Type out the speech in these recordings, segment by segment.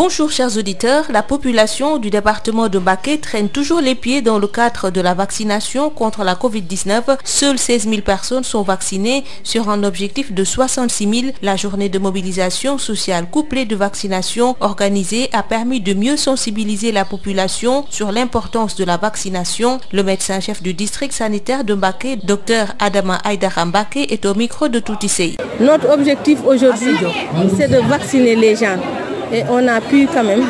Bonjour chers auditeurs, la population du le cadre de la vaccination contre la Covid-19. Seules 16 000 personnes sont vaccinées sur un objectif de 66 000. La journée de mobilisation sociale couplée de vaccination organisée a permis de sensibiliser la population sur l'importance de la vaccination. Le médecin-chef du district sanitaire de Mbacké, Dr Adama Aïdara Mbacké, est au micro de Touti Sey. Notre objectif et on a pu quand même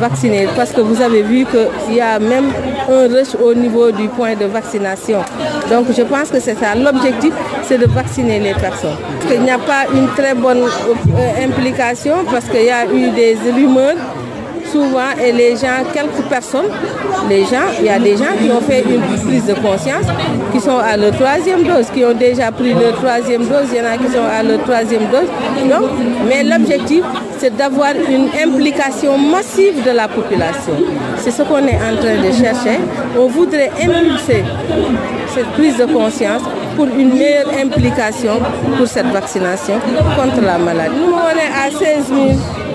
vacciner parce que vous avez vu qu'il y a même un rush au niveau du point de vaccination. Donc je pense que c'est ça. L'objectif, c'est de vacciner les personnes. Il n'y a pas une très bonne euh, implication parce qu'il y a eu des rumeurs souvent et les gens, quelques personnes, les gens, il y a des gens qui ont fait une prise de conscience, qui sont à leur troisième dose, qui ont déjà pris leur troisième dose, il y en a qui sont à leur troisième dose. Donc, mais l'objectif, c'est d'avoir une implication massive de la population. C'est ce qu'on est en train de chercher. On voudrait impulser cette prise de conscience pour une meilleure implication pour cette vaccination contre la maladie.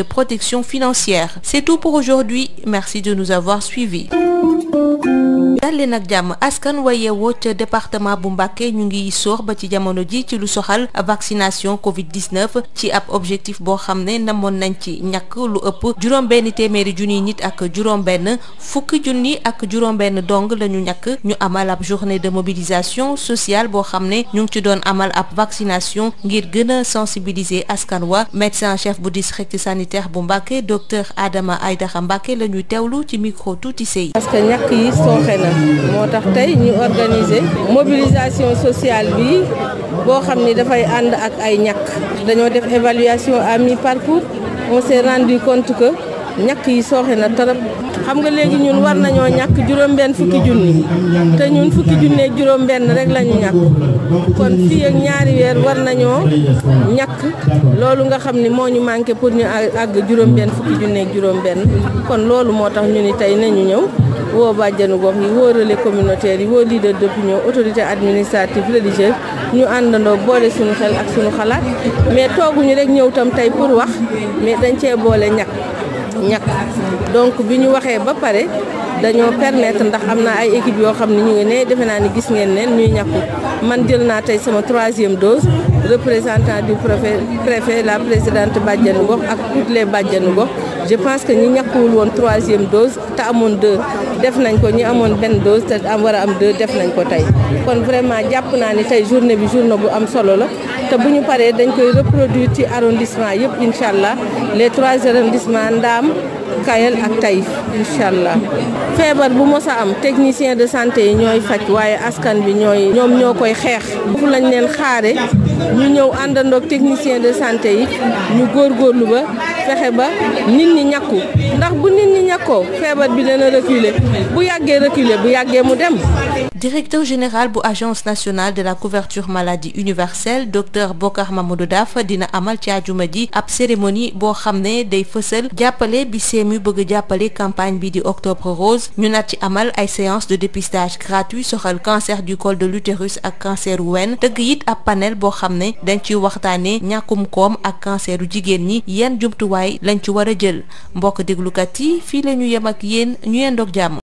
de protection financière. C'est tout pour aujourd'hui. Merci de nous avoir suivis. dalli nag jàmm askan wa yeewoo ca département bu Mbàkke ñu ngi soox ba ci jamono ji ci lu soxal vaccination covid 19 ci ab objectif boo xam ne namoon nañ ci ñàkk lu ëpp juróom benn téeméeri junniy nit ak juróom benn fukki junni ak juróom benn dong la ñu ñàkk ñu amal ab journée de mobilisation sociale boo xam ne ñu ngi ci doon amal ab vaccination ngir gën a sensibiliser askan wa médecin chef bu district sanitaire bu Mbàkke docteur Adama Aydara Mbàkke la ñuy teewlu ci micro tuuti sëy yi sooxe moo tax tey ñu organiser mobilisation sociale bi boo xam ni dafay ànd ak ay ñàkk dañoo def évaluation à mi-parcours on s'est rendu compte que ñàkk yi sooxe na trop xam nga léegi ñun war nañoo ñàkk juróom-benn fukki junni te ñun fukki junne juróom-benn rek lañu ñu kon fii ñaari weer war nañoo ñàkk loolu nga xam ni moo ñu manqué pour ñu àgg juróom-benn fukki junne juróom-benn kon loolu moo tax ñu ni tey nañu ñëw woo bàjjanu gox yi woo relais communautaire yi woo leader d'opinion autorité administrative religieuse ñu àndandoo boole suñu xel ak suñu xalaat mais tooguñu rek ñëw tam tey pour wax mais dañ cee boole ñàkk ñàkk donc bi ñu waxee ba pare dañoo permettre ndax am na ay équipe yoo xam ne ñu ngi ne defe naa ni gis ngeen neen ñuy ñàkku man jël naa tey sama troisième dose représentant du préfet préfet la présidente bàjjanu gox ak toutes les bàjjanu gox je pense que ñi ñàkkuwul woon troisième dose te amoon deux def nañ ko ñi amoon benn dose te am war am deux def nañ ko tey kon vraiment jàpp naa ni tey journée bi journée bu am solo la te bu ñu paree dañ koy reproduire ci arrondissement yëpp incha allah les trois arrondissements Ndaam Kayel ak tey incha allah. feebar bu mos a am technicien de santé yi ñooy faj waaye askan bi ñooy ñoom ñoo koy xeex foofu lañ leen xaare ñu ñëw àndandoog technicien de santé yi ñu góorgóorlu ba fexe ba nit ñi ñakku ndax bu nit ñi ñakkoo feebar bi dana reculer bu yàggee reculer bu yàggee mu dem directeur général bu agence nationale de la couverture maladie universelle docteur Bokar Mamadou Daf dina amal ci àjjuma ji ab cérémonie boo xam ne day fësal jàppale bi CMU bëgg jàppale campagne bi di octobre rose ñu nat ci amal ay séance de dépistage gratuit soxal cancer du col de l'utérus ak cancer wen tëgg it ab panel boo xam ne dañ ciy waxtaane ñàkkum koom ak canceru jigéen ñi yan jumtuwaay lañ ci war a jël mbokk déglukat yi fii la ñu yem ak yéen ñu yendoog jàmm